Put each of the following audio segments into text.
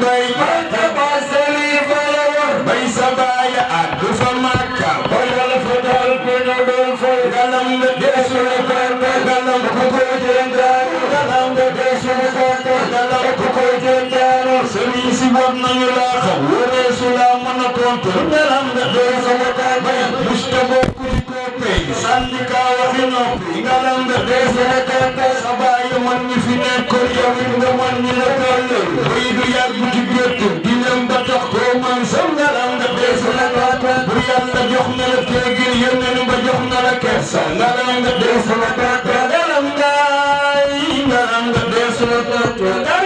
doy banta ba sali fa la war bay sa baaya addu fa Makka koy wala fa dal ko ñu doon fay galam de desu la kanta galam ko ko jëndaaru galam de desu la kanta galam ko ko jëndaaru sëriñ si bopp nañu laa xam wóoreesu laa mën a tontu galam de desu la kanta andika waxi noppi nga lambe dees la tete sa bàyyi man ñi fi nekkoon yow it nga man ñi la tolloon buy du yàgg ci gétt di ñam ba tax koo man sam nga lambe la tete bu yàlla jox na la teegin yeneen ba jox na la kersa nga lambe dees la tete nga lambe dees la tete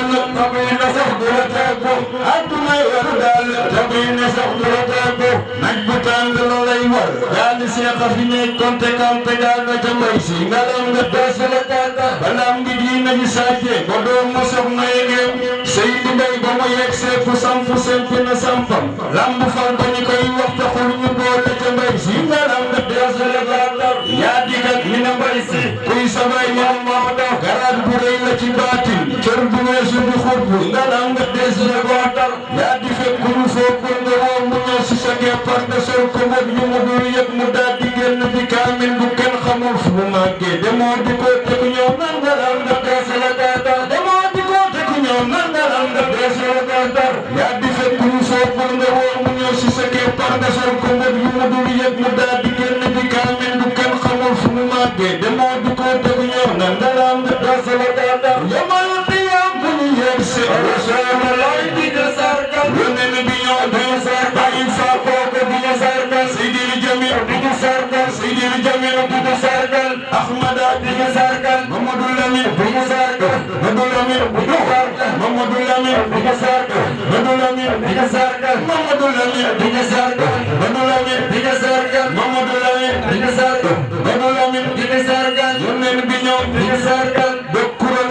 yàlla tabuy na sax du la tegu adduna yor daal tabuy na sax du la tegu naaj bu tàng loolay war yaa ngi seex a fi nekk konte konte gaa nga ca mbay si nga lam nga la tàgga balaam ngi ji nañu sàcce ba doom ma yegeem sëy di ba mu yegg see fu samp fu sempi na sampam lamb fal ba ñu koy wax taxul ñu boole ca mbay si nga la tàgga mi na mbay si samay maam maa ko def garaat bu rëy la ci baatin cër bu weesu bu xutbu nga daan nga des la gootal yaa di fekk lu foogul nga woo mu ñëw si sa geppar nga sol ko wër yu mu dul yëg mu daal di génn di kaamil bu kenn xamul fu mu màggee demoo di ko tegu ñëw nan nga daan nga des la gaatal demoo di ko tegu ñëw nan nga daan nga des la gaatal yaa di fekk lu foogul nga woo mu ñëw si sa geppar nga sol ko wër yu mu dul yëg mu daal di Mamadou Lamine Biga Sarr Mamadou Lamine Biga Sarr Mamadou Lamine Biga Sarr Mamadou Lamine Biga Sarr Mamadou Lamine Biga Sarr Mamadou Lamine Biga Sarr Mamadou Lamine Biga Sarr yónneen bi ñëw Biga Sarr bépp kuréel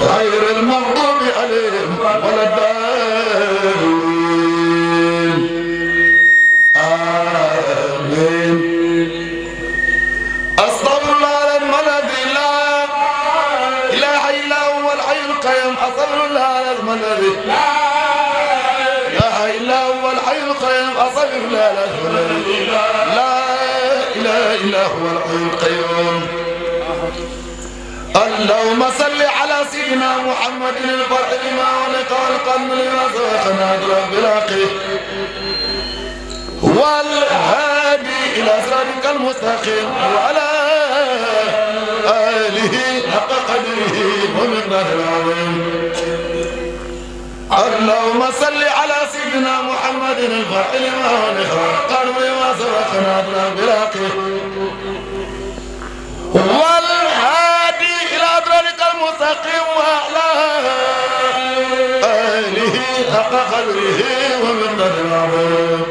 غير المغضوب عليهم ولا الضالين آمين أستغفر على الذي لا إله إلا هو الحي القيوم أستغفر على الذي لا إله إلا هو الحي القيوم أستغفر على الذي لا إله إلا هو الحي القيوم اللهم صل سيدنا محمد الفرح لما ولقى القلب لما سبقنا رب العقيد والهادي إلى صراطك المستقيم وعلى آله حق قدره ومقداره العظيم اللهم صل على سيدنا محمد الفرح لما ولقى القلب لما سبقنا رب العقيد مستقم وعلى آله حق قدره ومن قدره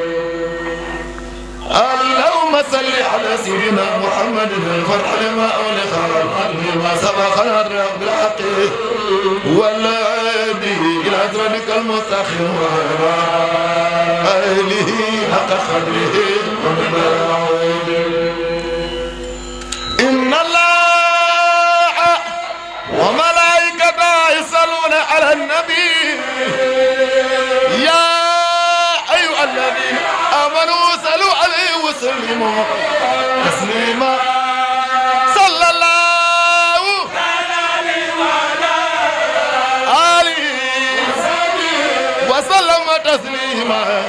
اللهم صل على سيدنا محمد الفرح لما أولق والقلب ما سبق الرب بالحق والهادي إلى أدرك المستقيم وعلى آله حق قدره ومن قدره يصلون على النبي يا أيها الذين آمنوا صلوا عليه وسلموا تسليما صلى الله عليه وسلم تسليما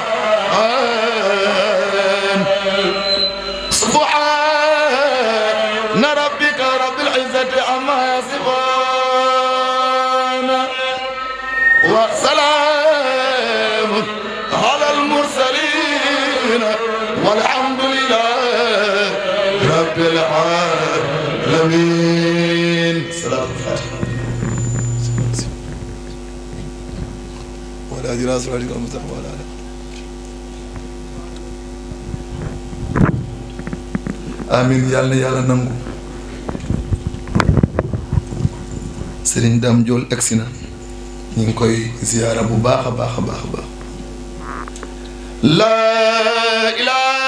إلى صراطك المستقيم وعلى آله amin yàlla na yàlla nangu sëriñ Dame Diol egsi na ñu ngi koy ziyaara bu baax a baax a baax a baax laa ilaa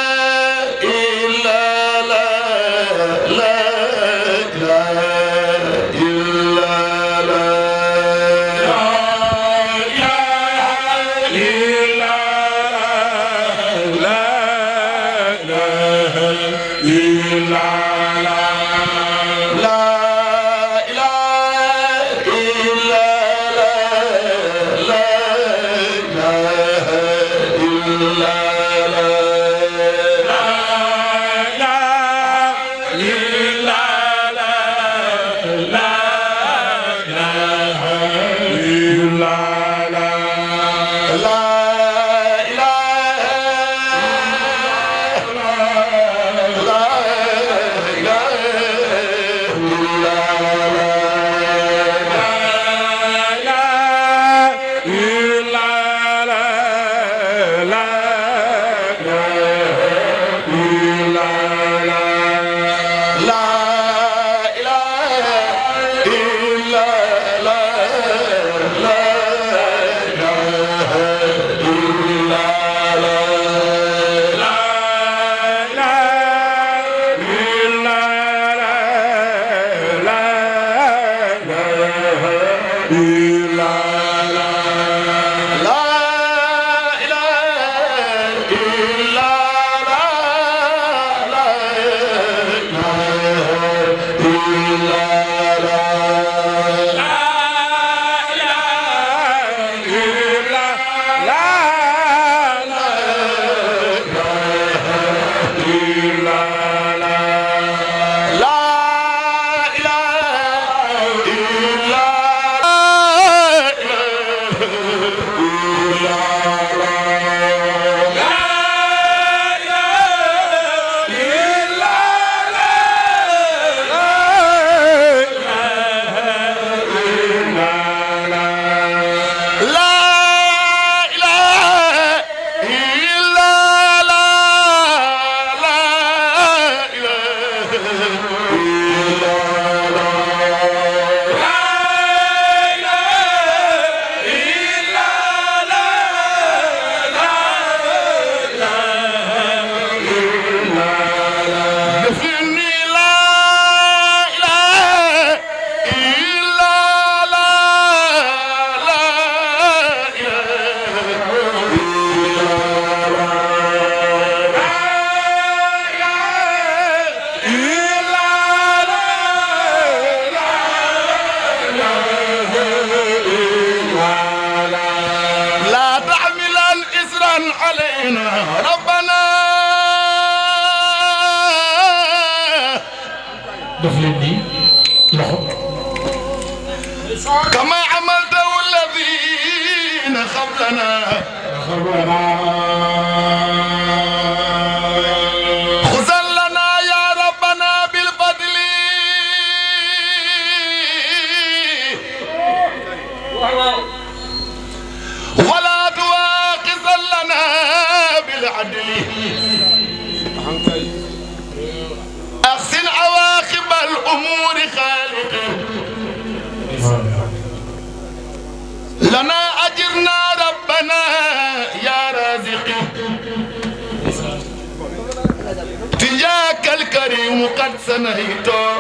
ثنيتو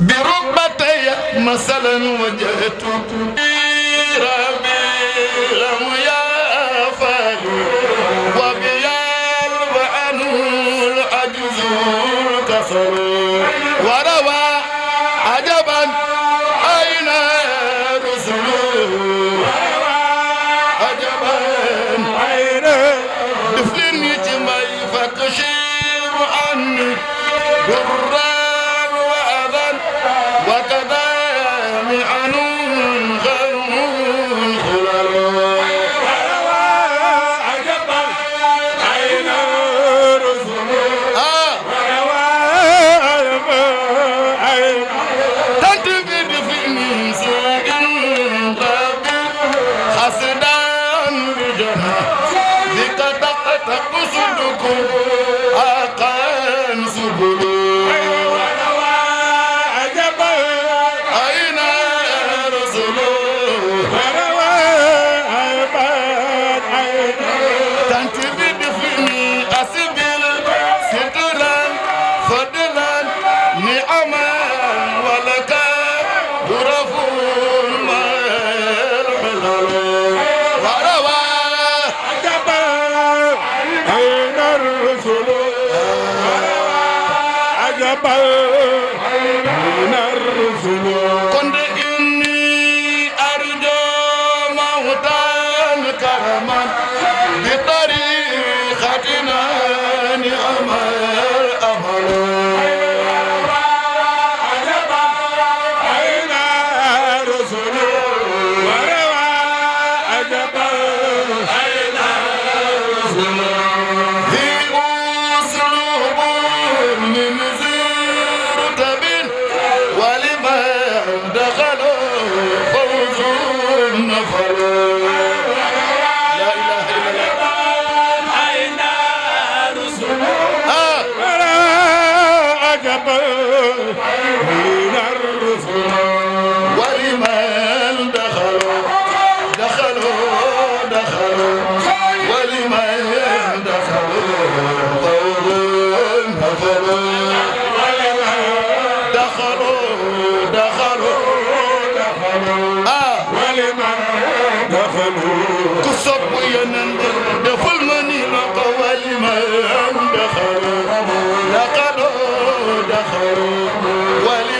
بركبتي مثلا وجهت وبيال العجز الكسر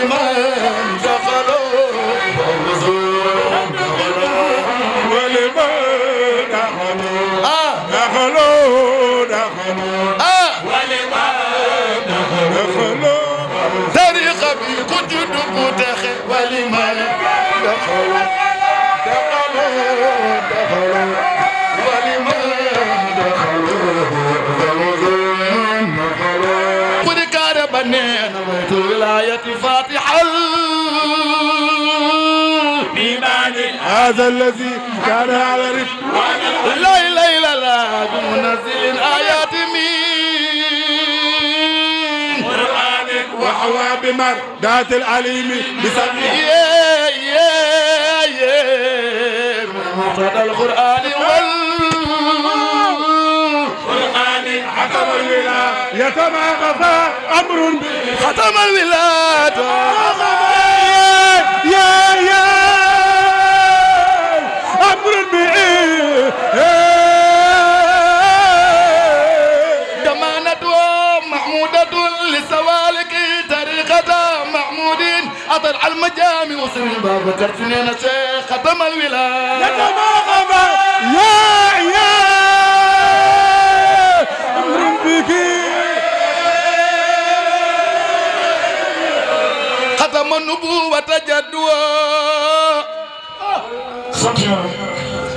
ولمن دخلوا دخلوا دخلوا فاتحا بإيمان هذا الذي كان على رفق لا لا لا الله منزل الآيات من قرآن وحوى بمردات العليم بسمه يا يا يا مقتضى القرآن ختم الولاية ما غفى أمر ختم الولاية يا يا أمر بإيه دمانة محمودة لسوالك طريقة محمود أطلع المجامع وصل الباب وكرتني أنا شيخ ختم الولاية ما غفى يا يا والنبوة جدوى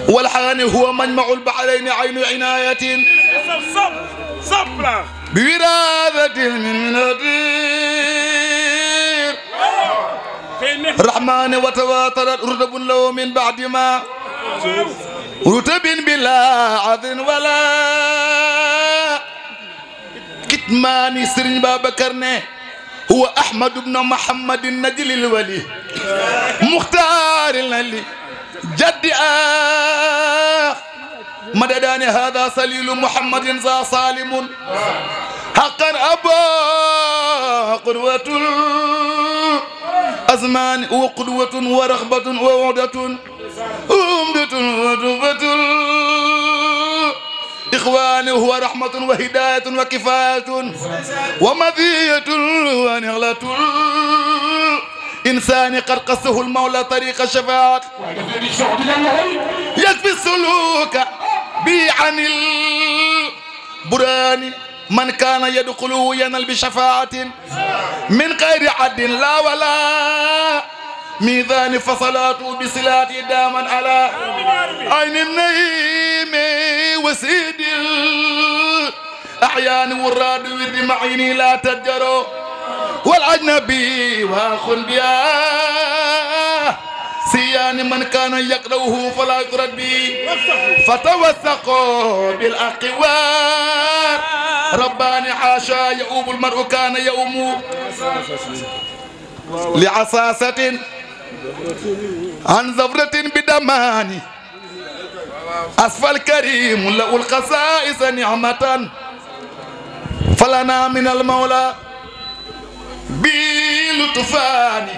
والحيان هو مجمع البحرين عين عناية بوراثة من نذير رحمن وتواترت رتب له من بعد ما رتب بلا عذن ولا كتمان سرين بابكر نه هو أحمد بن محمد النجل الولي مختار الهلي جد آخ مددان هذا سليل محمد ذا صالم حقا أبا قدوة أزمان وقدوة ورغبة ووعدة أمدة ودفة الإخوان هو رحمة وهداية وكفاية ومذية ونغلة إنسان قد قصه المولى طريق الشفاعة يكفي السلوك بي عن البران من كان يدخله ينال بشفاعة من غير عد لا ولا ميزان فصلاته بصلاته داما على عين النيم وسيد أحيان وراد ورد معيني لا تجرو والأجنبي والخن بيا سيان من كان يقلوه فلا يقرأ بي فتوثقوا بالأقوار رباني حاشا يؤوب المرء كان يؤوم لعصاصة عن زفرة بدماني أصفى الكريم له الخصائص نعمة فلنا من المولى بلطفان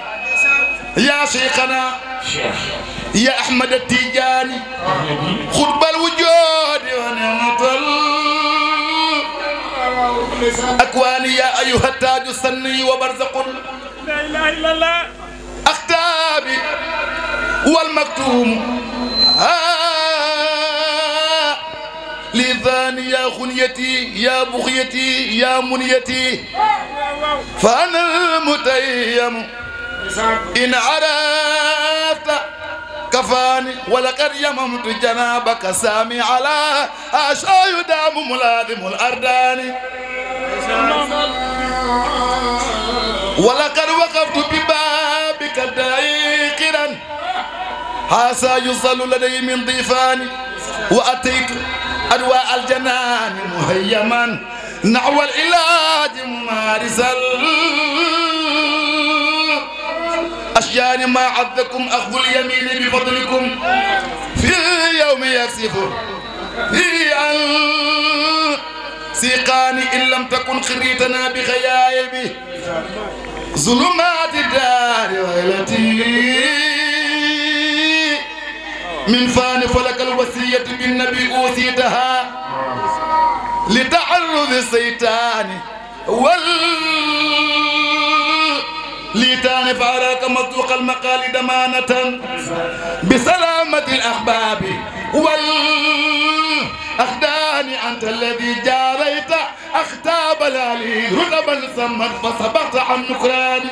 يا شيخنا يا أحمد التيجاني خطب الوجود ونعمة أكواني يا أيها التاج السني وبرزق لا إله إلا الله أختابي والمكتوم آه لذان يا خنيتي يا بخيتي يا منيتي فأنا المتيم إن عرفت كفاني ولقد يممت جنابك سامي على أشاء يدام ملازم الأردان ولقد وقفت ببابك دائقرا حاسا يصل لدي من ضيفاني وأتيت أدواء الجنان مهيما نحو العلاج مارسا أشيان ما عدكم أخذ اليمين بفضلكم في يوم يصف في أن سيقاني إن لم تكن خريتنا بخيائبي ظلمات الدار ويلتي من فان فلك الوسية بالنبي أوسيتها لتعرض السيطان لتان فأراك مصدوق المقال دمانة بسلامة الأحباب وال أخداني أنت الذي جاريت أختاب بلالي رتبا سمت فصبحت عن نكراني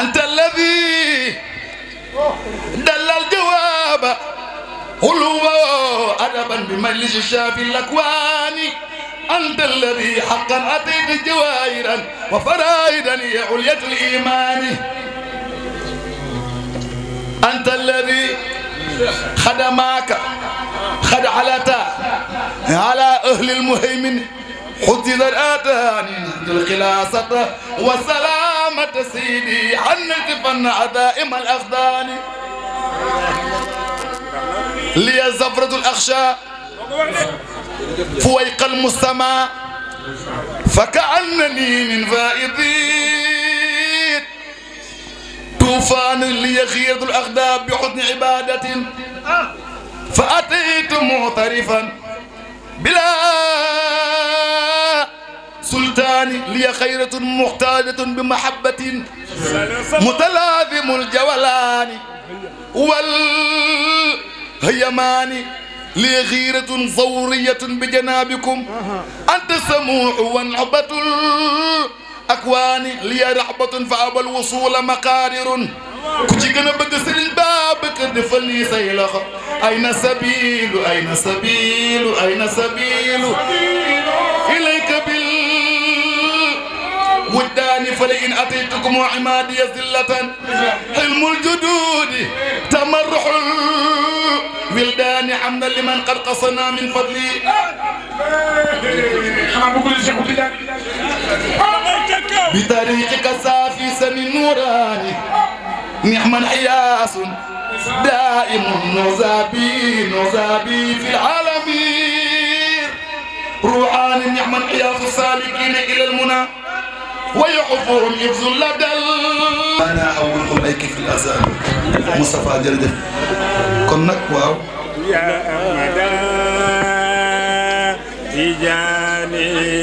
أنت الذي دل الجواب قلوب أدبا بمجلس الشافي الأكوان أنت الذي حقا أتيت جوائرا وفرائدا هي علية الإيمان أنت الذي خدماك خد على على أهل المهيمن حفظ الأذان الخلاصة وسلامة سيدي حنت فن عدائم الأخدان لي زفرة الأخشاء فويق المستمع فكأنني من فائدين طوفان لي ليغير الأخداب بحضن عبادة فأتيت معترفا بلا سلطان لي خيرة محتاجة بمحبة متلازم الجولان والهيمان لي غيرة ثورية بجنابكم أنت سموع ونعبة الأكوان لي رحبة فأبى الوصول مقارر ku ci gën a bëgg sëriñ Babacar defal lii say loxo ay na sabilu ay na sabilu ay na sabilu ilayka bil وداني فلئن أتيتكم وعمادي ذلة حلم الجدود تمرح الولدان حمدا لمن قد قصنا من فضلي بطريقك صافي سمي نوراني نعم الحياس دائم نزابي نزابي في العالمين روحان نعم الحياس السالكين إلى المنى ويحفهم حفظ لدى أنا اول أيكي في الأزال مصطفى جلدة كنك واو يا أمدا تجاني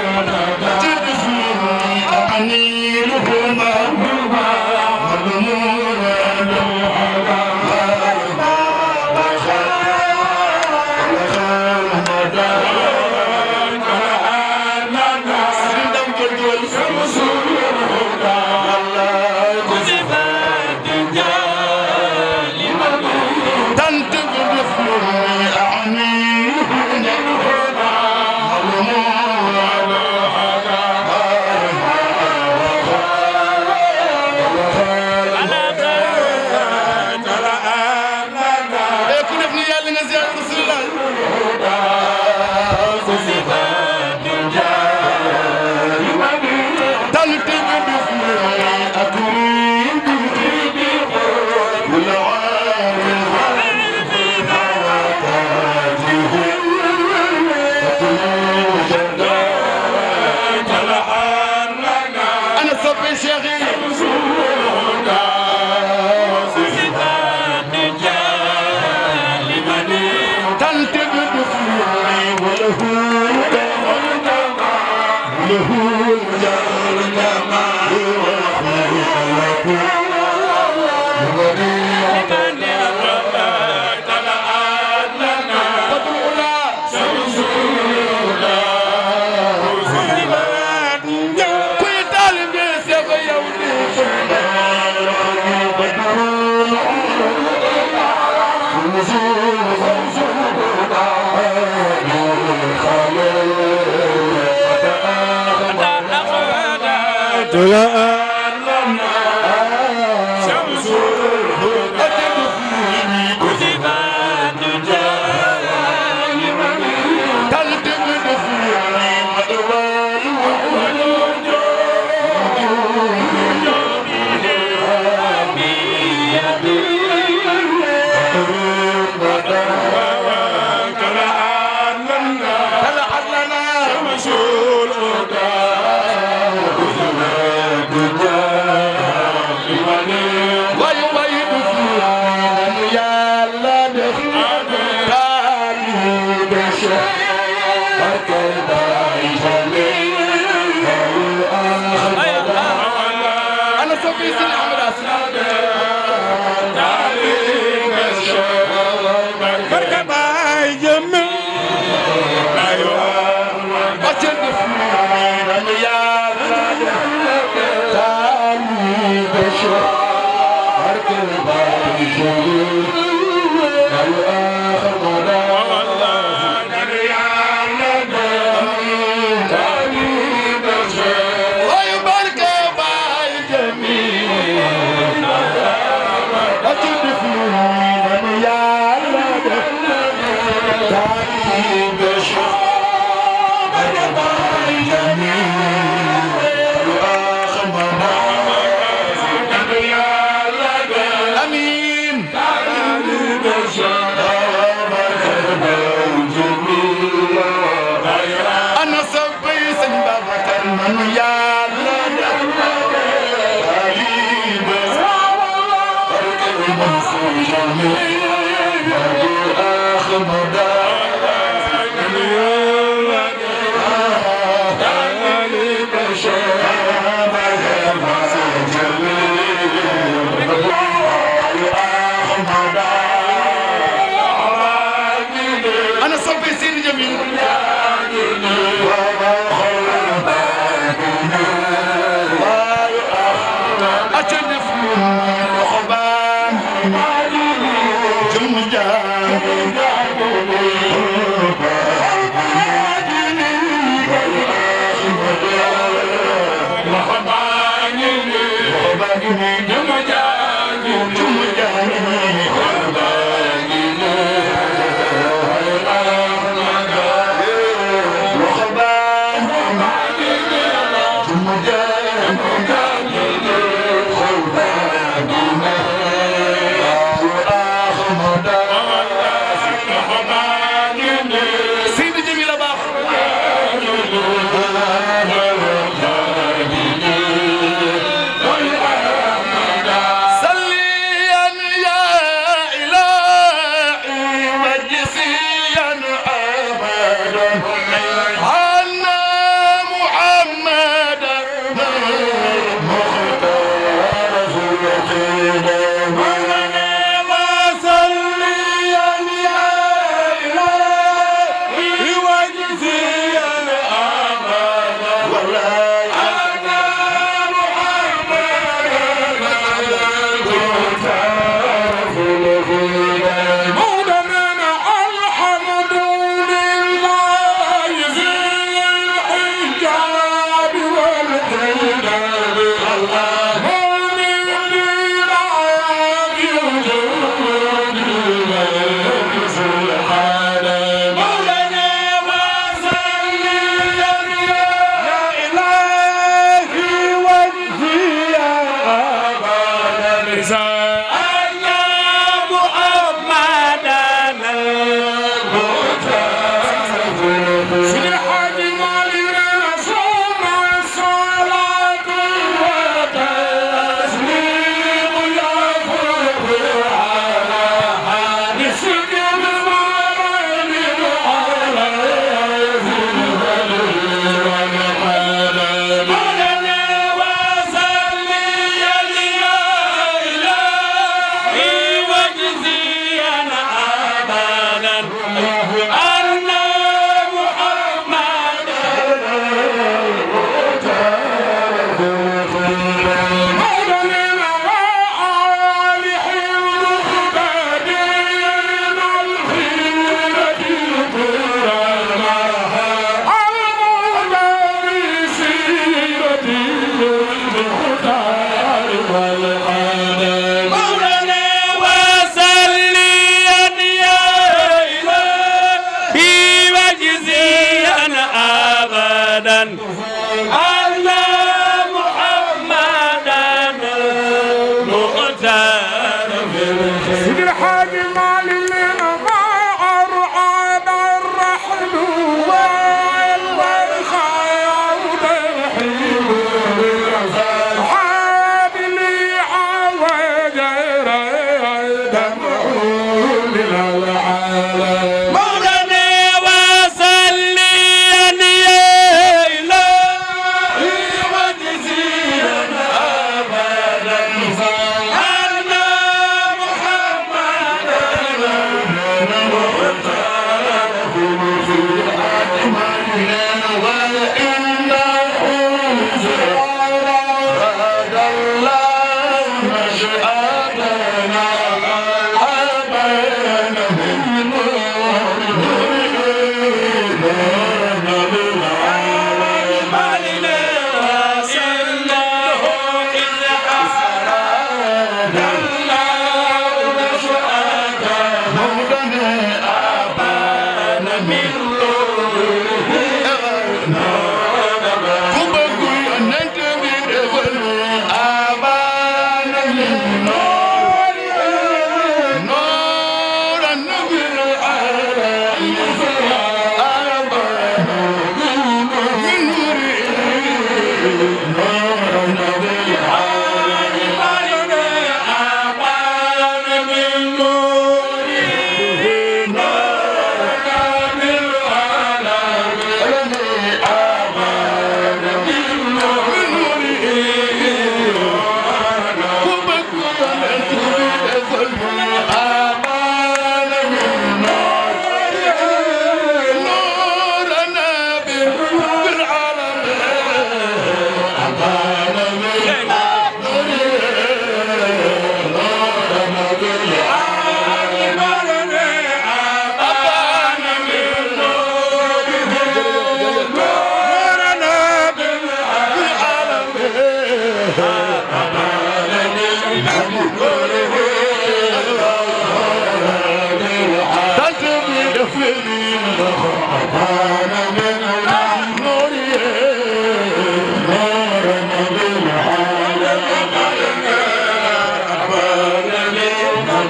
Santa. Hola. Isa. Amen.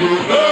do.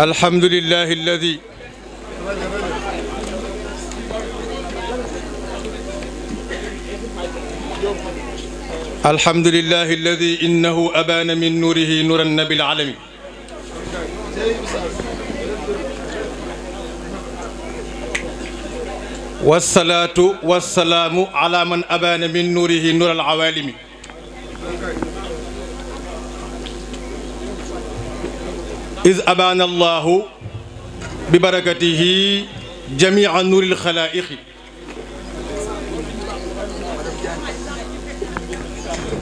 الحمد لله الذي الحمد لله الذي إنه أبان من نوره نور النبي العالمي والصلاة والسلام على من أبان من نوره نور العوالم إذ أبان الله ببركته جميع نور الخلائق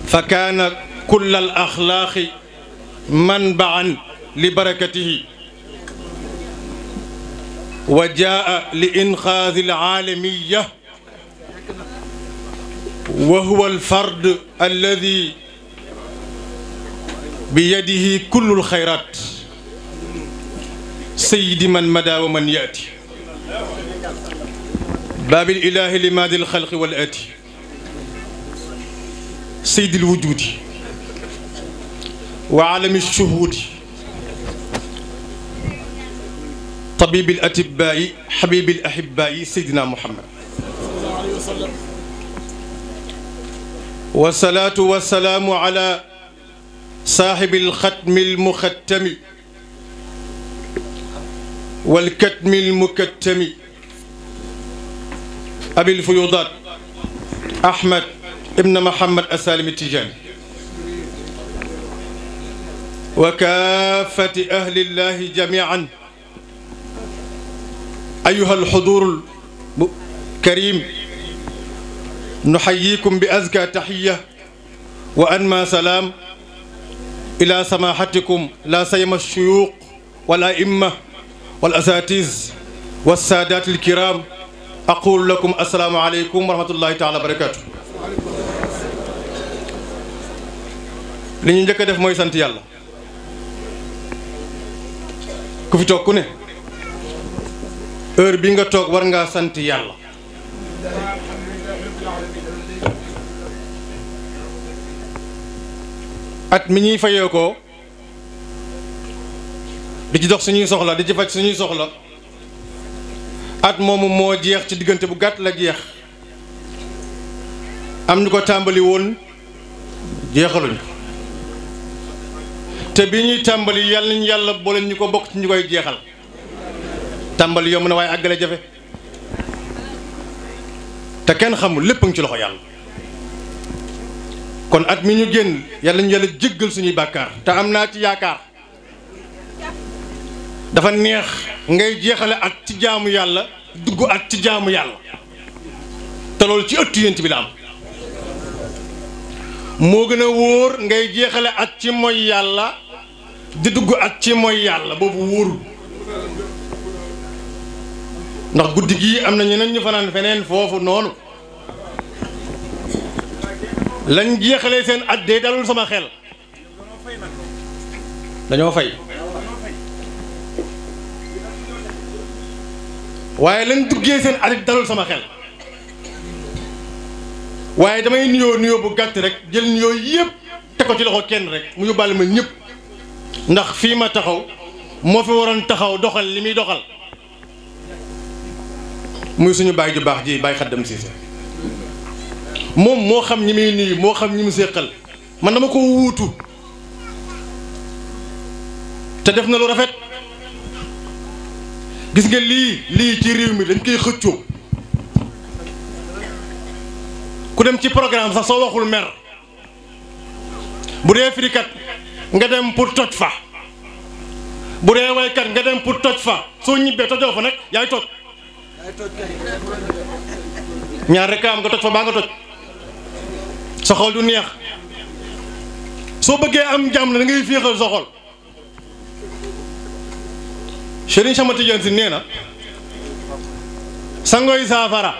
فكان كل الأخلاق منبعا لبركته وجاء لإنقاذ العالمية وهو الفرد الذي بيده كل الخيرات سيدي من مدى ومن يأتي باب الإله لماذا الخلق والآتي سيد الوجود وعالم الشهود طبيب الأتباء حبيب الأحباء سيدنا محمد والصلاة والسلام على صاحب الختم المختم والكتم المكتم أبي الفيوضات أحمد ابن محمد أسالم التجاني وكافة أهل الله جميعا أيها الحضور الكريم نحييكم بأزكى تحية وأنما سلام إلى سماحتكم لا سيما الشيوخ والأئمة والأساتذ والسادات الكرام أقول لكم السلام عليكم ورحمة الله تعالى وبركاته لن يجب أن يكون في الله كيف تكون أر بينغا توك وارغا سانتي يالا ات مي ني فايوكو di ci dox suñuy soxla di ci faj suñuy soxla at moomu moo jeex ci diggante bu gàtt la jeex am ñu ko tàmbali woon jeexaluñ te bi ñuy tàmbali yàlla ñu yàlla boole ñu ko bokk ci ñu koy jeexal tàmbali yomb na waaye àggale jafe te kenn xamul lépp ngi ci loxo yàlla kon at mi ñu génn yàlla ñu yàlla jéggal suñuy bàkkaar te am naa ci yaakaar dafa neex ngay jeexale at ci jaamu yàlla dugg at ci jaamu yàlla te loolu ci ëttu yent bi la am moo gën a wóor ngay jeexale at ci mooy yàlla di dugg at ci mooy yàlla boobu wóorul ndax guddi gii am na ñeneen ñu fanaan feneen foofu noonu lañ jeexalee seen at dee dalul sama xel dañoo fay waye lañ duggé seen arit dalul sama xel waye damay nuyo nuyo bu gàtt rek jël nuyo yëpp te ko ci loxo kenn rek mu yóbbaale ma ñëpp ndax fi ma taxaw mo fi waron taxaw doxal li muy doxal muy suñu bay ju bax ji baay xaddam siise mom mo xam ñi muy nuyu mo xam ñi mu séqal man dama ko wuutu te def na lu rafet gis nga lii lii ci réew mi dañ koy xëccoo ku dem ci programme sax soo waxul mer bu dee firikat nga dem pour toj fa bu dee waykat nga dem pour toj fa soo ñibbee tojoo fa nag yaay toj ñaar rek am nga toj fa baa nga toj sa xol du neex soo bëggee am jàmm na da ngay féexal sa Serigne Cheikh Ahmad Tidiane Sy nee na sangooy saafara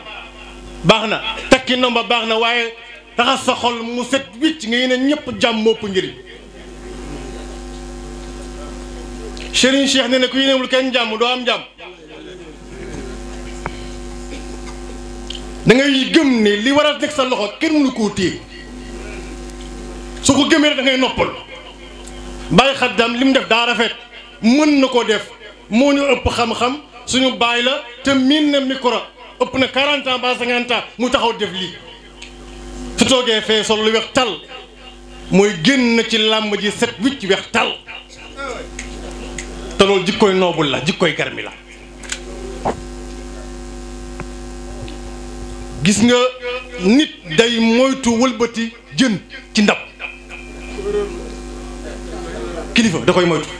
baax na takki nomba baax na waaye raxas sa xol mu set wicc nga yéene ñëpp jàmm mopp njëriñ Serigne Cheikh nee na ku yéenewul kenn jàmm doo am jàmm da ngay ni li war a nekk sa loxo kenn mënu koo téye su ko gëmee rek da ngay noppal bàyyi xaddam li def daa rafet mën na ko def moo ñu ëpp xam-xam suñu baay la te miin na micro ëpp na 40 ba 50 mu taxaw def lii su toogee fee sol lu weex tal mooy génn ci làmb ji set wicc weex tal te loolu jikkoy noobul la jikkoy garmi la gis nga nit day moytu wëlbati jën ci ndab kilifa da koy moytu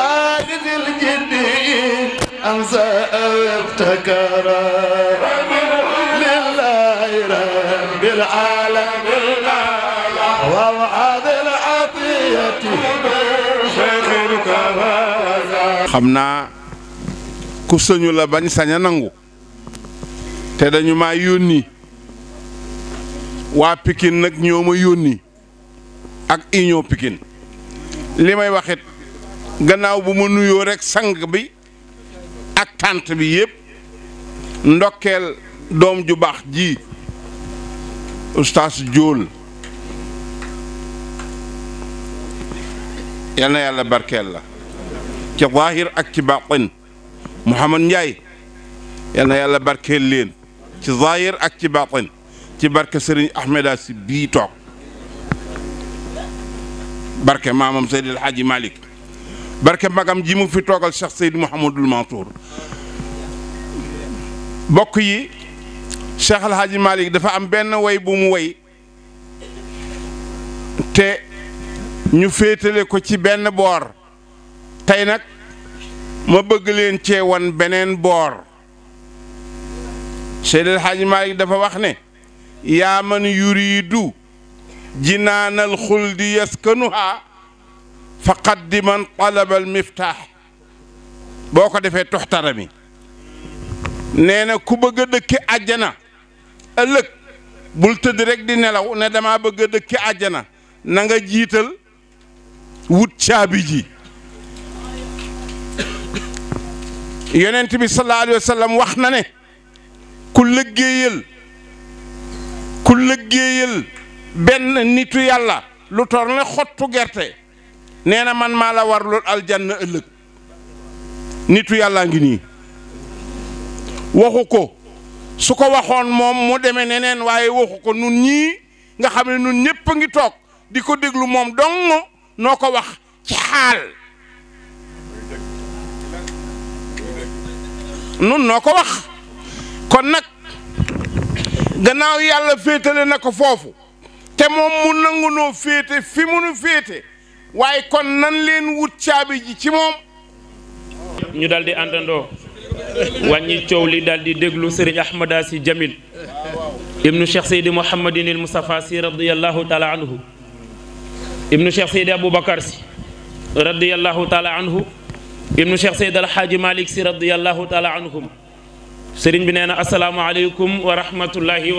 حمزة ابتكر لله رب العالم ووعد ku la bañ saña nangu te dañu ma yónni wa pikin nak ñoma yoni ak union pikin limay waxit gannaaw bu mu nuyo rek sang bi ak tante bi yëpp ndokkeel doom ju baax ji ustaas Jóol yal yàlla barkel la ci zaahir ak ci baqin Mouhamad Ndiaye yal yàlla barkel len ci zahir ak ci baqin ci barke Serigne ahmed si bi tok barke mamam Seydil Hadji malik barke magam ji mu fi togal Cheikh Seydou Mouhamadul Mansour bokk yi Cheikh al hadji malik dafa am ben way bu mu way te ñu féetale ko ci ben bor tay nak ma bëgg leen ci wan benen bor Cheikh al hadji malik dafa wax ne ya man jinan al khuld yaskanuha فقد من طلب المفتاح بوكو ديفه تحترمي نينا كو بغا دكي اجانا الك بول تد ريك دي نلاو ن داما بغا دكي اجانا نغا جيتال ووت شابي جي يونتبي صلى الله عليه وسلم واخنا ني كو لغييل كو لغييل بن نيتو يالا لو تورن خطو غيرتي nee na man maa la war aljanna ëllëg nitu yàllaa ngi nii waxu ko su ko waxoon moom mu demee neneen waaye waxu ko nun ñii nga xam ne nun ñépp a ngi toog di ko déglu moom dong noo ko wax ci nun noo ko wax kon nag gannaaw yàlla féetale na ko foofu te moom mu nangu noo féete fi mu nu féete waaye kon nan leen wut caabi ji ci moom. ñu daal di àndandoo wàññi coow li daal di déglu Serigne Ahmada si Jamil ibnu Cheikh Seydi Mouhamadin il Moustapha si radiyallahu taala anhu ibnu Cheikh Seydi Aboubacar si radiyallahu taala anhu ibnu Cheikh Seydi Alxaaji Malick si radiyallahu taala anhum sëriñ bi nee na asalaamaaleykum wa rahmatullahi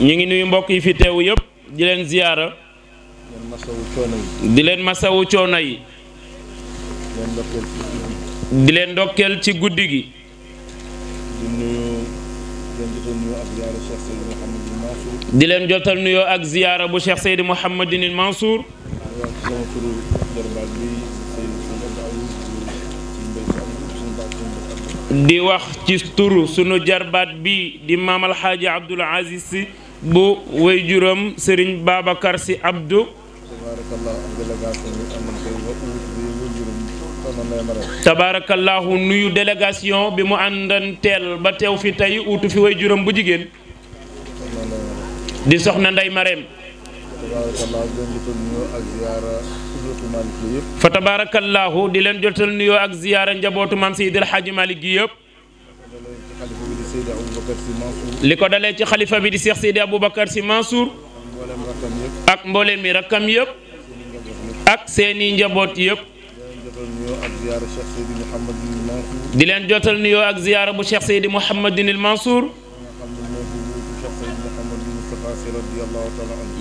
ñu ngi nuyu mbokk yi fi teew yëpp. di leen ziyaara di leen masawu coono yi di leen ndokkeel ci guddi gi di leen jotal nuyoo ak ziyaara bu Cheikh Seydi Mouhamadinil Mansour di wax ci turu sunu jarbaat bi di maam Alxaaji Abdul Aziz bu way juróom sëriñ Babacar si Abdou tabaarakallaahu nuyu délégation bi mu àndanteel ba teew fi tey uutu fi way juram bu jigéen di soxna Ndey Mareem fa tabaarakallaahu di leen jotal nuyoo ak ziyaara njabootu maam Seydil Hadji Malick gi yëpp Seydi Aboubacar Sy Mansour. li ko dalee ci xalifa bi di Cheikh Seydi Aboubacar Sy Mansour. ak mboolem mi rakkam yëpp. ak seeni njaboot yëpp. di leen jotal nuyoo ak ziyaara bu Cheikh Seydi Mouhamadinil Mansour.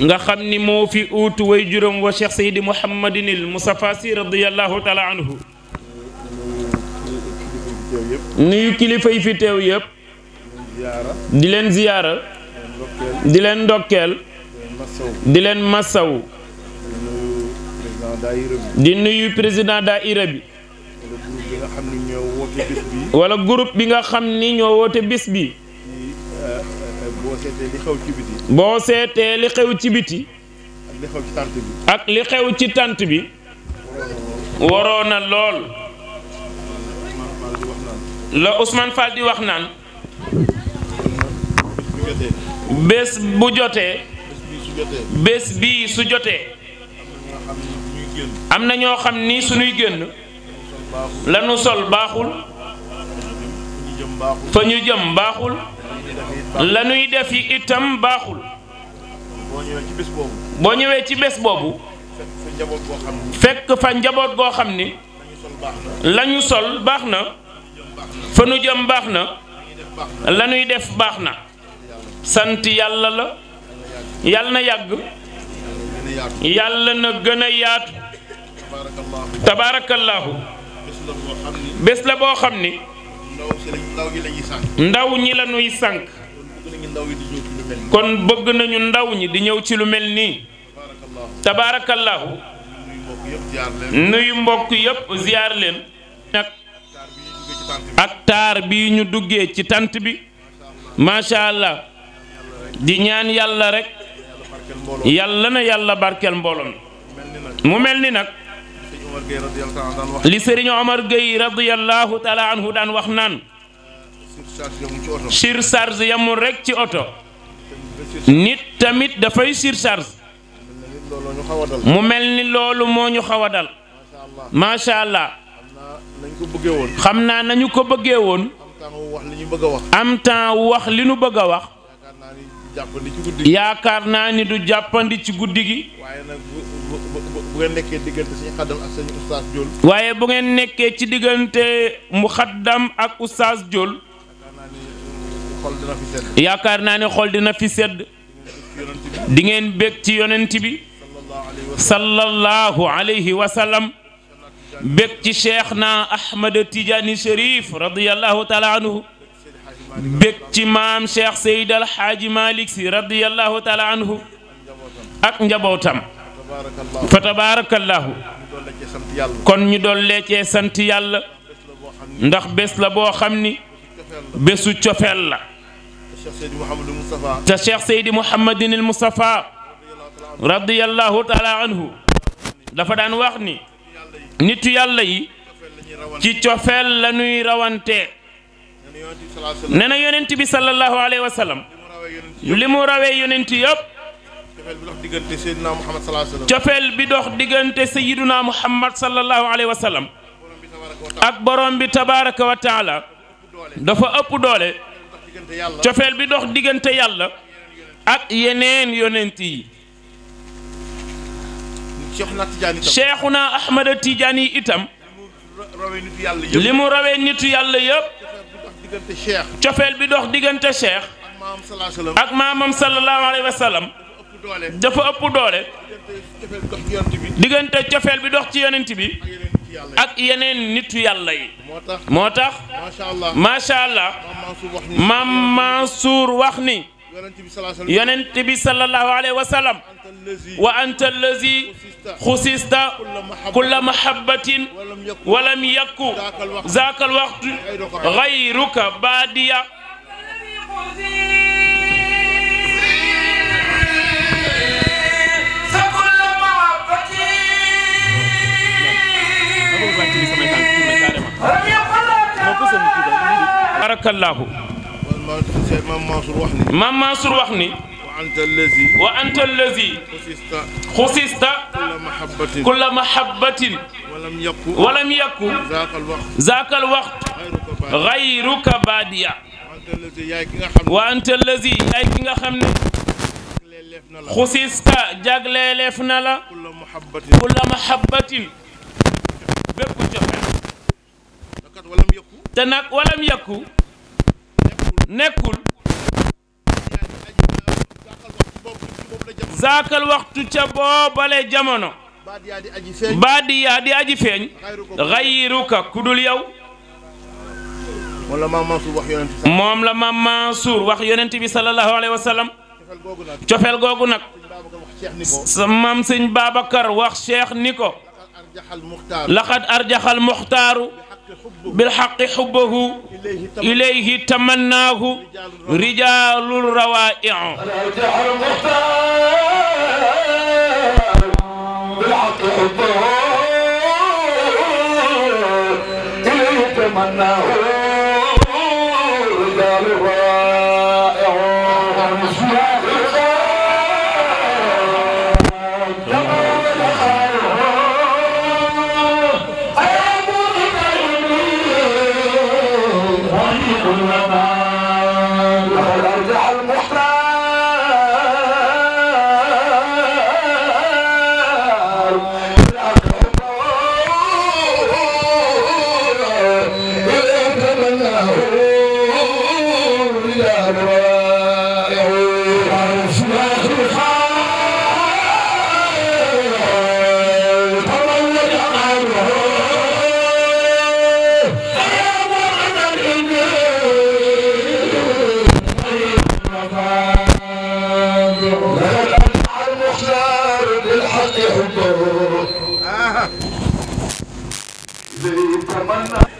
nga xam ni moo fi uutu way juróom wa Cheikh Seydi Mouhamadinil Moustapha Sy radiyallahu taala anhu nuyu kilifa yi fi teew yëpp. di leen ziyaara di leen ndokkeel di leen massaw di nuyu président daayira bi wala groupe bi nga xam ni ñoo woote bis bi boo seetee li xew ci biti ak li xew ci tànt bi waroon na lool la Ousmane Fall di wax naan bés bu jotee bés bii su jotee am na ñoo xam ni suñuy génn lanu sol baaxul fa ñu jëm baaxul lanuy def yi itam baaxul boo ñëwee ci bés boobu fekk fa njaboot goo xam ni lañu sol baax na fa jëm baax na la def baax na sant yàlla la yàlla na yàgg yàlla na gën a yaatu tabaarakallaahu bés la boo xam ni ndaw ñi la ñuy sànq kon bëgg nañu ndaw ñi di ñëw ci lu mel nii tabaarakallaahu nuyu mbokk yépp ziyaar leen nag ak bi ñu duggee ci tant bi macha allah di ñaan yàlla rekk yàlla na yàlla barkeel mbooloo mu mel ni nag li sëriñ Omar Gueye daan wax naan surcharge yamul rekk ci oto nit tamit dafay surcharge mu mel ni loolu moo ñu xaw dal macha allah ko bëggee woon. xam naa nañu ko bëggee woon. am temps wax li ñu bëgg a wax. am temps wax li ñu bëgg a wax. yaakaar naa ni du jàppandi ci guddi gi. waaye bu ngeen nekkee ci diggante mu xaddam ak oustaz Diol. yaakaar naa ne uh, xol dina fi sedd. dingeen ngeen bég ci yonent bi. sallallahu alayhi wa بكتي شيخنا احمد تيجاني شريف رضي الله تعالى عنه بكتي مام شيخ سيد الحاج مالك رضي الله تعالى عنه اك نجابوتام فتبارك الله كون ني دولي تي سنت يالا ندخ بس لا بو خامني بسو تيوفل لا الشيخ سيد محمد المصطفى رضي الله تعالى عنه دا فدان واخني nitu yàlla yi ci cofeel la ñuy rawante nena yonent bi sallallahu alayhi wa sallam li mu yonent yëpp cofeel bi dox diggante sayyiduna muhammad sallallahu alayhi wa sallam ak borom bi tabaraka wa taala dafa upp doole cofeel bi dox diggante yàlla ak yenen yonent yi شيخنا احمد تيجاني التجاني اتم لمروي نيت يالله ييب تيوفل بي دوخ ديغنت شيخ اك مامم صلى الله عليه وسلم دافا اوب دوله ديغنت تيوفل بي دوخ تي يوننتبي اك ينين نيت يالله موتاخ ما شاء الله ما شاء الله مام منصور واخني مام منصور واخني يننت بي صلى الله عليه وسلم وأنت الذي خصيصت كل محبة ولم يكو ذاك الوقت غيرك باديا مام منصور وحني وانت الذي وانت الذي خصيصت كل محبة كل محبة ولم يكن ولم يكن ذاك الوقت ذاك الوقت غيرك باديا وانت الذي ياك كيغا خمن خصيصت جاغليلفنا لا كل محبة كل محبة بيبو جاب ولم يكن ولم يكن نكول زاكل وقت تشابو بالي جامونو بادي يا دي ادي فين غيروكا كودول ياو موم لا مام منصور واخ يونتي بي الله عليه وسلم تشوفل غوغو نك مام بابكر واخ شيخ نيكو لقد ارجح المختار بالحق حبه إليه تمناه رجال الروائع بالحق حبه إليه تمناه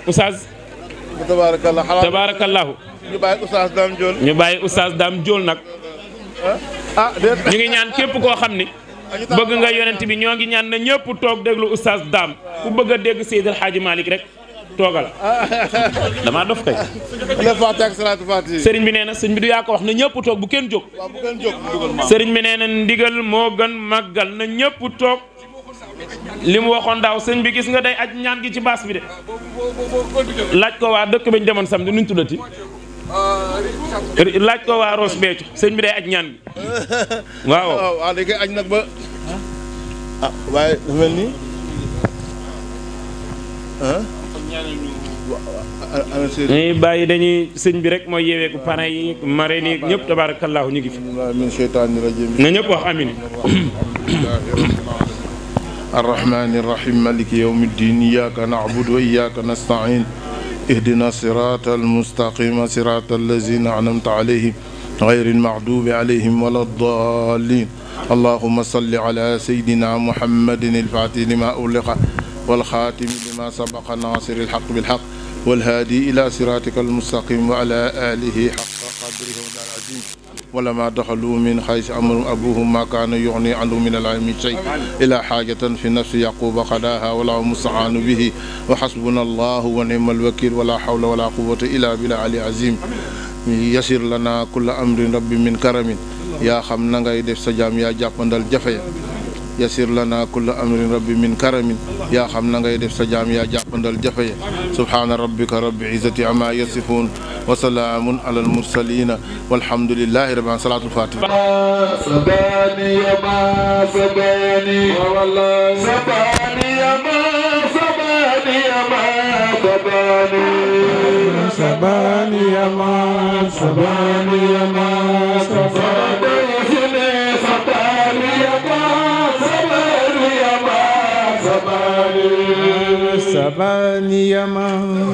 oustaz. tabaarakallah tabaarakallah. ñu bàyyi oustaz daam jool. ñu bàyyi nag. ah ngi ñaan képp koo xam ni. Ah, bëgg nga yonent bi ñoo ngi ñaan na ñëpp toog déglu oustaz daam ku bëgg a dégg Seydi El Hadji Malick rek toogal ah. damaa dof kay. sëriñ bi nee na sëriñ bi du na ñëpp toog bu kenn jóg. sëriñ bi nee na ndigal moo gën na ñëpp toog. li mu waxoon daaw sëñ bi gis nga day aj ñaan gi ci baas bi de laaj ko waa dëkk bañ demoon samedi nuñ tuddati laaj ko waa Ross Béthio sëñ bi day aj ñaan gi waaw waaw day ah, waaye dafa mel ah, ah, bàyyi dañuy sëñ bi rek mooy yeeweeku parents yi ma yi ñëpp tabaarakallaahu ñu ngi fi na ñëpp wax amin الرحمن الرحيم مالك يوم الدين إياك نعبد وإياك نستعين اهدنا الصراط المستقيم صراط الذين أنعمت عليهم غير المغضوب عليهم ولا الضالين اللهم صل على سيدنا محمد الفاتح لما أغلق والخاتم لما سبق ناصر الحق بالحق والهادي إلى صراطك المستقيم وعلى آله حق قدره العظيم ولا ما دخلوا من حيث أمر أبوهم ما كان يغني عنه من العلم شيء إلا حاجة في نفس يعقوب قداها ولا مستعان به وحسبنا الله ونعم الوكيل ولا حول ولا قوة إلا بالله العظيم يسر لنا كل أمر رب من كرم يا خم نغاي ديف سجام يا جابندال جافيا يسير لنا كل امر ربي من كرم يا خمنا غاي ديف سجام يا جابندال الجفا سبحان ربك رب عزتي عما يصفون وسلام على المرسلين والحمد لله رب العالمين صلاه الفاتحه سباني ما سباني والله سباني ما سباني ما سباني سباني ما سباني ما سباني sabaniya ma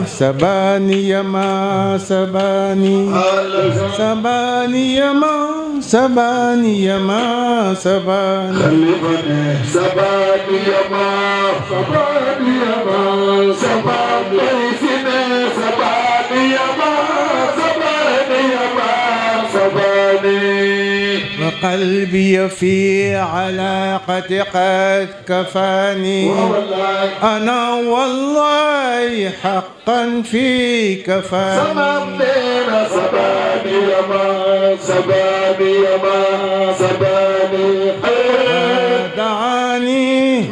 sabaniya ma sabani sabaniya ma sabaniya ma sabani sabaniya ma sabaniya ma sabani قلبي في علاقة قد كفاني أنا والله حقا في كفاني سبابنا سبابي يا ما سبابي يا ما سبابي دعاني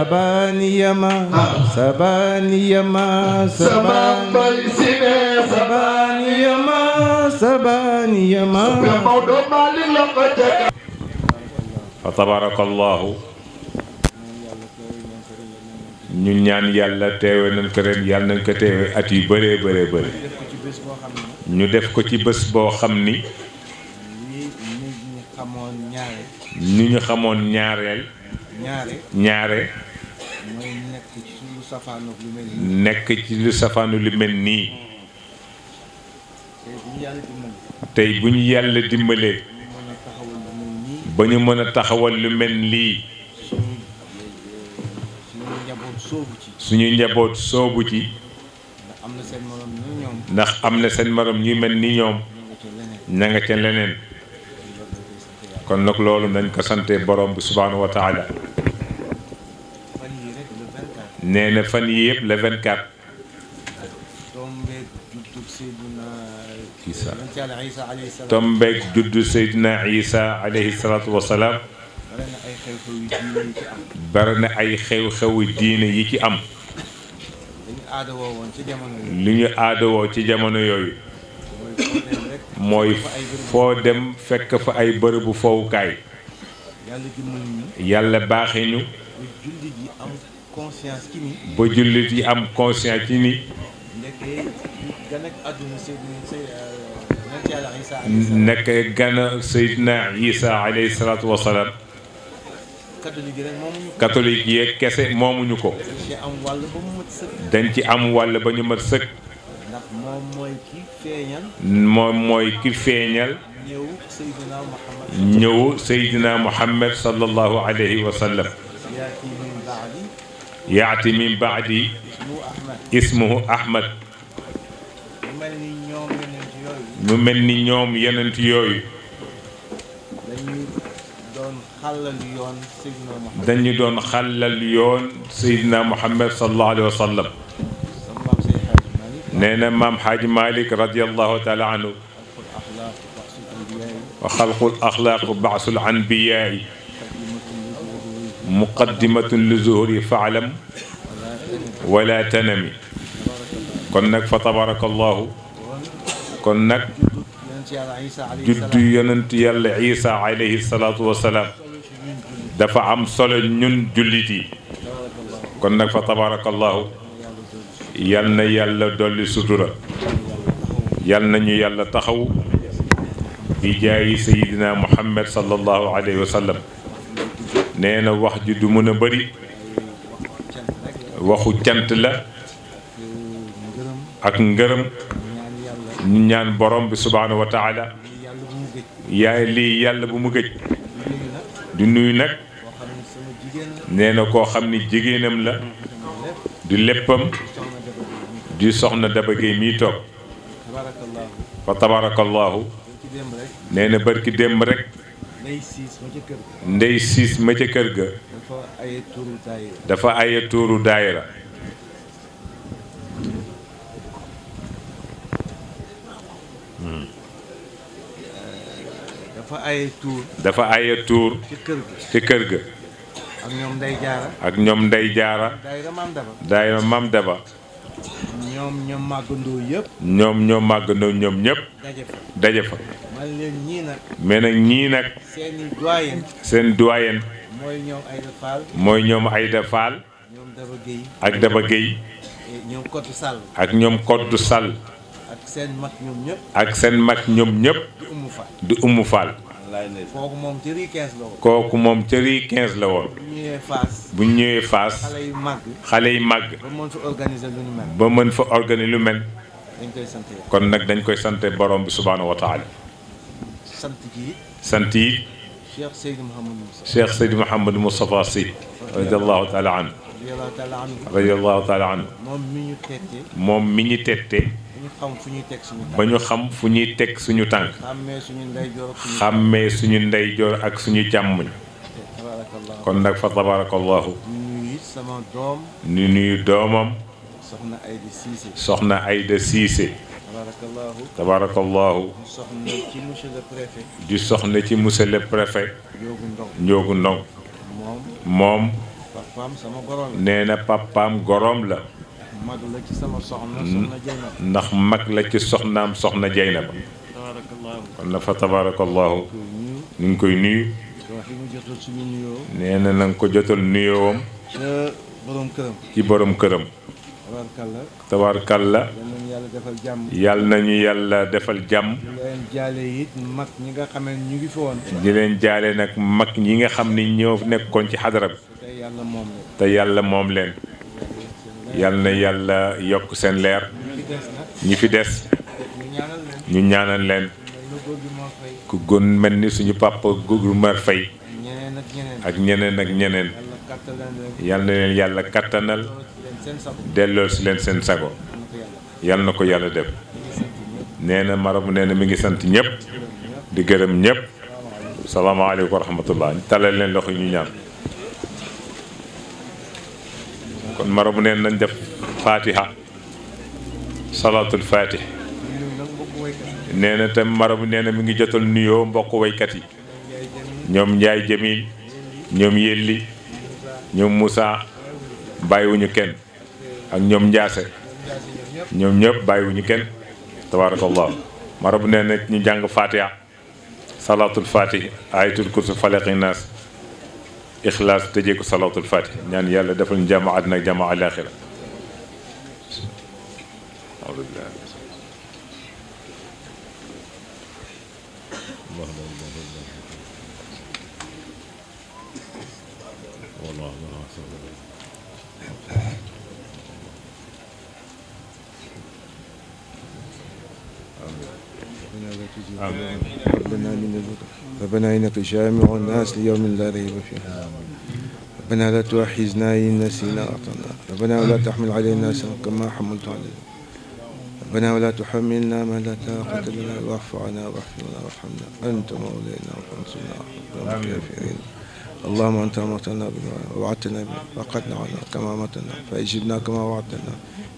sabaniyama sabaniyama ñu ñaan yàlla teewe nañ ko ren yàlla nañ ko teewe at yu bëree bëree bëri ñu def ko ci bés boo xam ni ni ñu xamoon ñaareel ñaare. mooy nekk ci lu safaanu lu mel nii. tey bu ñu yàlla dimbalee. ba ñu mën a taxawal lu mel nii suñu njaboot soobu ci. njaboot soobu ci. ndax am na seen morom ñu am na seen morom ñu mel ni ñoom. ña nga ca leneen. kon nag loolu nañ ko sante borom bu subhaanahu nee na fan yii yëpp le 24. tombeeg juddu Seydina Isa alayhi salaatu wa salaam. bari na ay xew-xewi diine yi ci am. li ñu aadawoo ci jamono yooyu. mooy foo dem fekk fa ay bërëbu fowukaay. yàlla baaxee ñu. ba jullit yi am conscience ci ni nekk gana Seydina Isa alayhi salaatu wasalaam catholique yeeg kese moomuñu ko dañ ci am wàll ba ñu mat sëkk moom mooy ki feeñal ñëw Seydina Muhammad sallallahu alayhi wa ياتي من بعدي اسمه احمد ممن نيوم ينت يوي دنيو دون خلل يون سيدنا محمد صلى الله عليه وسلم نينا مام حاج مالك رضي الله تعالى عنه وخلق الاخلاق بعث الانبياء وخلق الاخلاق بعث الانبياء مقدمة لزهري فاعلم ولا تنمي كنك فتبارك الله كنك جد يننت يال عيسى عليه الصلاة والسلام دفع أمصال نن جلدي كنك فتبارك الله يالنا يال دول سدورة يالنا يال تخو بجاي سيدنا محمد صلى الله عليه وسلم nee na wax ji du mën a bëri waxu cant la ak ngërëm ñu ñaan borom bi subhaanahu wa yaay lii yàlla bu mu gëj du nuyu nag nee na koo xam ni jigéenam la du léppam di soxna Daba Gueye mii toog fa tabarakallahu nee na barki démb rek ndey siis ma ca kër ga. ndey siis ma ca kër ga. dafa aye hmm. tuur. dafa aye ci kër ga ci ñoom Ndey Jaara. ak ñoom Ndey Maam Daba. ñoom ñoom màggandoo yëpp. ñoom ñoom daje fa. man leen ñii nag. mais seen i doyen. seen doyen. mooy ñoom Aïda Fall. mooy ñoom Aïda Fall. ñoom ak Daba Guèye. Eh, ak ñoom Kodou Sall. ak seen mag ñoom ñëpp. ak seen mag ñoom ñëpp. di Umu Fall kooku moom ca Rue 15 la woon. bu ñëwee Fass. bu ñëwee Fass. xale yu màgg. xale yu ba mën fa organiser lu mel. mën fa organiser lu mel. sant kon nag dañ koy sant borom bi subhaanahu wa سنتي شيخ سيد محمد المصطفى شيخ سيد محمد المصطفى سي رضي الله تعالى عنه رضي الله تعالى عنه موم ميني تيتي باني خام فني تك سونو تانك خامي سونو نداي جور اك سونو جام كون نك فتبارك الله ني ني دومم سخنا ايدي سيسي سخنا ايدي سيسي tabaarakallaahu di soxna ci monsieur le préfet njoogu ndong moom nee na papaam goroom la ndax mag la ci soxnaam soxna jeyna ba kon na fa tabaarakallaahu ñu ngi koy nuyu nee na ko jotal nuyoowam ci borom këram tabaarkalla yàlla defal jàmm. yàlla nañu yàlla defal jàmm. di leen ñi nga xam ñu ngi fi woon. di leen jaale nag mag ñi nga xam ni ñoo nekkoon ci xadara bi. te yàlla moom leen. te yàlla moom leen. yàlla na yàlla yokk seen leer. ñi fi des. ñu ñaanal leen. ku gën mel ni suñu papa Gourmar Faye. ak ñeneen ak ñeneen. yàlla na leen yàlla kattanal. delloo si leen seen sago. yal na ko yàlla dem nee na marabu nee na mi ngi sant ñëpp di gërëm ñépp salaamaaleykum wa rahmatullah talal leen loxo ñu ñaan kon bu nee nañ def fatiha salaatul fatih nee na mara bu nee na mi ngi jotal nuyoo mbokk waykat yi ñoom Njaay Jamil ñoom Yelli ñoom Moussa bàyyiwuñu kenn ak ñoom Njaase ñom ñep ñëpp bàyyiwuñu kenn tabarakallah ma rabu ne na ñu jàng fatiha salatul fatih ayatul kursi falaqin nas ikhlas tejeku salatul salaatul fatih ñaan yàlla defal ñu jàmm àddina ak jàmm ربنا من ربنا إنك جامع الناس ليوم لا ريب فيه ربنا لا تؤاخذنا إن نسينا أعطنا ربنا ولا تحمل علينا سوء كما حملت علينا ربنا ولا تحملنا ما لا طاقة لنا واعف عنا واحفظنا وارحمنا أنت مولانا وانصرنا على اللهم أنت أمرتنا وعدتنا وقدنا على كما أمرتنا فأجبنا كما وعدتنا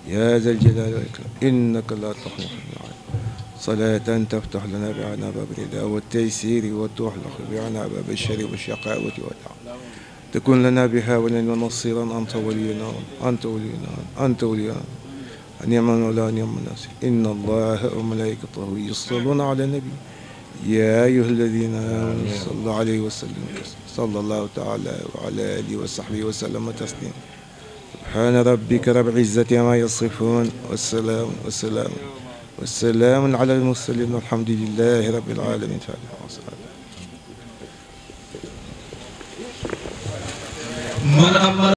يا ذا الجلال والإكرام إنك لا تخلف المعاد صلاة تفتح لنا بعنا باب الرداء والتيسير والتحلق بعنا باب الشر والشقاوة والدعاء تكون لنا بها ولن نصيرا أنت ولينا أنت ولينا أنت ولينا أن نعم أن نعم الناصر إن الله وملائكته يصلون على النبي يا أيها الذين آمنوا صلوا عليه وسلم صلى الله تعالى وعلى آله وصحبه وسلم تسليما سبحان ربك رب العزة ما يصفون والسلام والسلام والسلام على المرسلين والحمد لله رب العالمين فاتحة من أمر